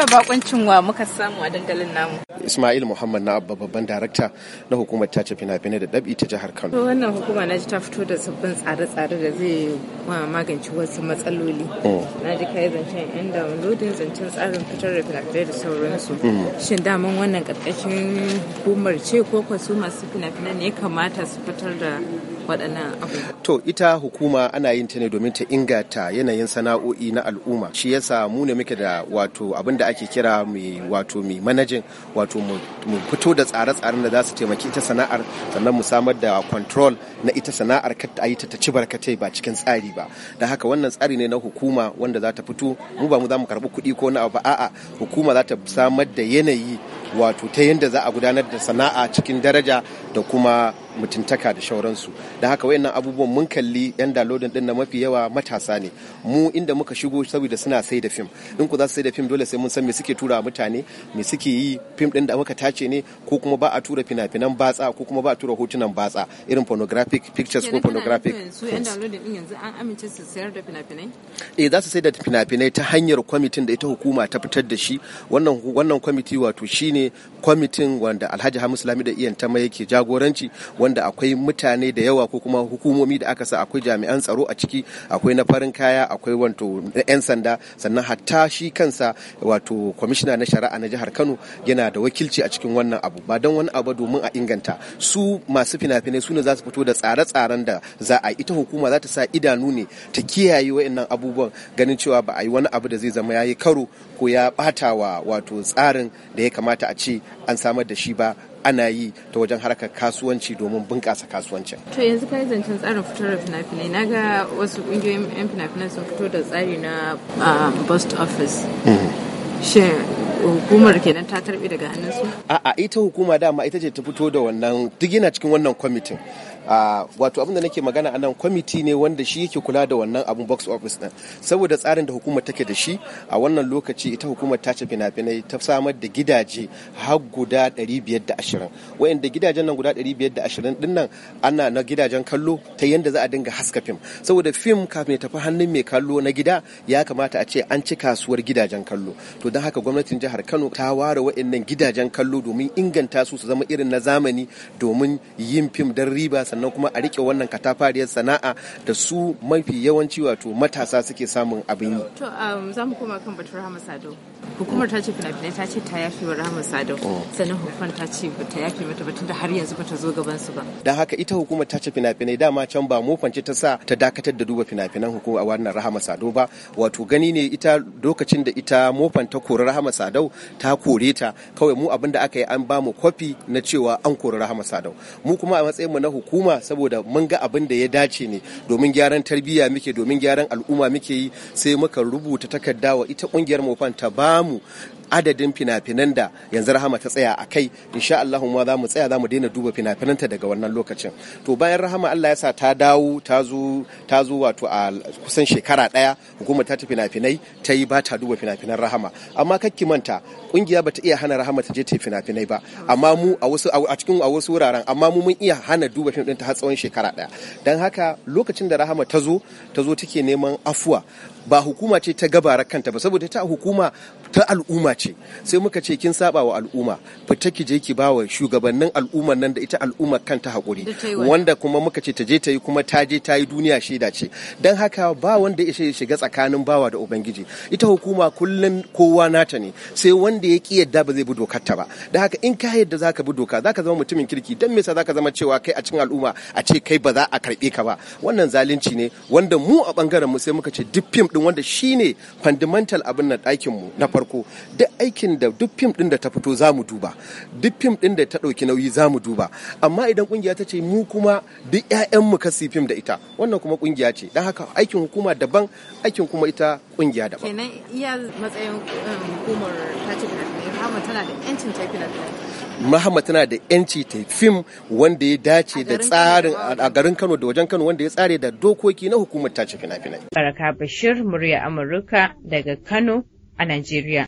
yau bakuncin wa muka samu a dandalin namu. Ismail Muhammad na abba babban darakta na hukumar tace fina-finai da ɗabi ta jihar Kano. To wannan hukuma na ji ta fito da sabbin tsare-tsare da zai magance wasu matsaloli. Hmm. Na ji kai zancen yan downloading zancen tsarin fitar da fina-finai da sauransu. Hmm. Shin daman wannan ƙarƙashin hukumar ce ko kwasu masu fina-finai ne kamata su fitar da waɗannan abubuwa? To ita hukuma ana yin ta ne domin ta inganta yanayin sana'o'i na al'umma. Shi yasa mu ne muke da wato abin da ake kira mai wato mai manajin wato mu fito da tsare-tsaren da za su taimaki ita sana'ar sannan mu samar da control na ita sana'ar kar ta yi ta ci barkatai ba cikin tsari ba. Da haka wannan tsari ne na hukuma wanda za ta fito mu ba mu za mu karɓi kuɗi ko na abu a'a hukuma za ta samar da yanayi wato ta yadda za a gudanar da sana'a cikin daraja da kuma mutuntaka da shauransu da haka wayannan abubuwan mun kalli yan dalodin din na mafi yawa matasa ne mu inda muka shigo saboda suna sai da fim in ku za su sai da fim dole sai mun san me suke tura mutane me suke yi fim din da muka tace ne ko kuma ba a tura fina-finan batsa ko kuma ba a tura hotunan batsa irin pornographic pictures ko pornographic su yan dalodin din yanzu an amince su sayar da fina-finai eh za su sai da fina-finai ta hanyar kwamitin da ita hukuma ta fitar da shi wannan wannan kwamiti wato shine kwamitin wanda Alhaji Hamisu Lami iyan ta tama yake jagoranci wanda akwai mutane da yawa ko kuma hukumomi da aka sa akwai jami'an tsaro a ciki akwai na farin kaya akwai wato 'yan sanda sannan hatta shi kansa wato kwamishina na shari'a na jihar kano yana da wakilci a cikin wannan abu ba don wani abu domin a inganta su masu fina-finai su ne za su fito da tsare-tsaren da za a ita hukuma za ta sa idanu ne ta kiyaye wa'annan abubuwan ganin cewa ba a yi wani abu da zai zama ya yi karo ko ya bata wa wato tsarin da ya kamata a ce an samar da shi ba ana yi ta wajen harkar kasuwanci domin bunƙasa kasuwancin. To yanzu yi zancen tsarin fitar da fina-finai na ga wasu ƙungiyoyin 'yan fina finai sun fito da tsari na ah, post office. Mm-hmm. Shin hukumar kenan ta tarbi daga hannun su a'a ita hukuma dama ita ce ta fito da wannan duk yana cikin wannan kwamitin wato abin da nake magana anan kwamiti ne wanda shi yake kula da wannan abun box office din saboda tsarin da hukumar take da shi a wannan lokaci ita hukumar ta ce fina-finai ta samar da gidaje har guda 520 wayanda gidajen nan guda 520 din nan ana na gidajen kallo ta yanda za a dinga haska fim saboda fim kafin tafi hannun mai kallo na gida ya kamata a ce an ci kasuwar gidajen kallo to don haka gwamnatin jihar Kano ta ware waɗannan gidajen kallo domin inganta su su zama irin na zamani domin yin fim don riba sannan kuma a rike wannan katafariyar sana'a da su mafi yawanci wato matasa suke samun abin yi. To um, za koma kan Batura Hamasa hukumar ta ce fina ta ce ta yafe wa rahama sadau oh. sannan hukumar ta ce ta yafi mata ba tunda har yanzu bata zo gaban su ba dan haka ita hukumar ta ce fina dama can ba mu fance ta sa ta dakatar da duba finafinan hukumar a wannan rahama sadau ba wato gani ne ita lokacin da ita mofan ta kori rahama sadau ta kore ta kawai mu abinda aka yi an bamu kwafi na cewa an kori rahama sadau mu kuma a matsayin mu na hukuma saboda mun ga abin da ya dace ne domin gyaran tarbiyya muke domin gyaran al'umma muke yi sai muka rubuta takarda wa ita kungiyar mofan ta ba samu adadin fina-finan da yanzu rahama ta tsaya a kai insha Allah ma za mu tsaya za mu daina duba fina ta daga wannan lokacin to bayan rahama Allah ya sa ta dawo ta zo ta zo wato a kusan shekara daya hukumar ta fina-finai ta yi ba ta duba fina-finan rahama amma kakki manta kungiya bata iya hana rahama ta je ta fina-finai ba amma mu a wasu a cikin a wasu wuraren amma mu mun iya hana duba fina din ta har tsawon shekara daya dan haka lokacin da rahama ta zo ta zo take neman afuwa ba hukuma ce ta gabara kanta ba saboda ta hukuma ta al'umma ce sai muka ce kin saba wa al'umma fita ki je ki bawa shugabannin al'umman nan da ita al'umma kanta hakuri wanda kuma muka ce ta je ta yi kuma ta je ta yi duniya shaida ce dan haka ba wanda ya shiga tsakanin bawa da ubangiji ita hukuma kullun kowa nata ne sai wanda ya ki yadda ba zai bi dokar ta ba dan haka in ka yadda zaka bi doka zaka zama mutumin kirki dan me yasa zaka zama cewa kai a cikin al'umma a ce kai ba za a karbe ka ba wannan zalunci ne wanda mu a bangaren mu sai muka ce duk fim din wanda shine fundamental abin nan ɗakin mu na farko duk aikin da duk fim din da ta fito za mu duba duk fim din da ta ɗauki nauyi za mu duba amma idan kungiya ta ce mu kuma duk ƴaƴan mu ka fim da ita wannan kuma kungiya ce don haka aikin hukuma daban aikin kuma ita kungiya daban kenan iya matsayin um, hukumar ta ce tana da 'yancin ta Mahama tana da yanci ta fim wanda ya dace da tsarin a garin Kano da wajen Kano wanda ya tsare da dokoki na hukumar tace fina-finai. Baraka Bashir, murya Amurka daga Kano 阿南吉略。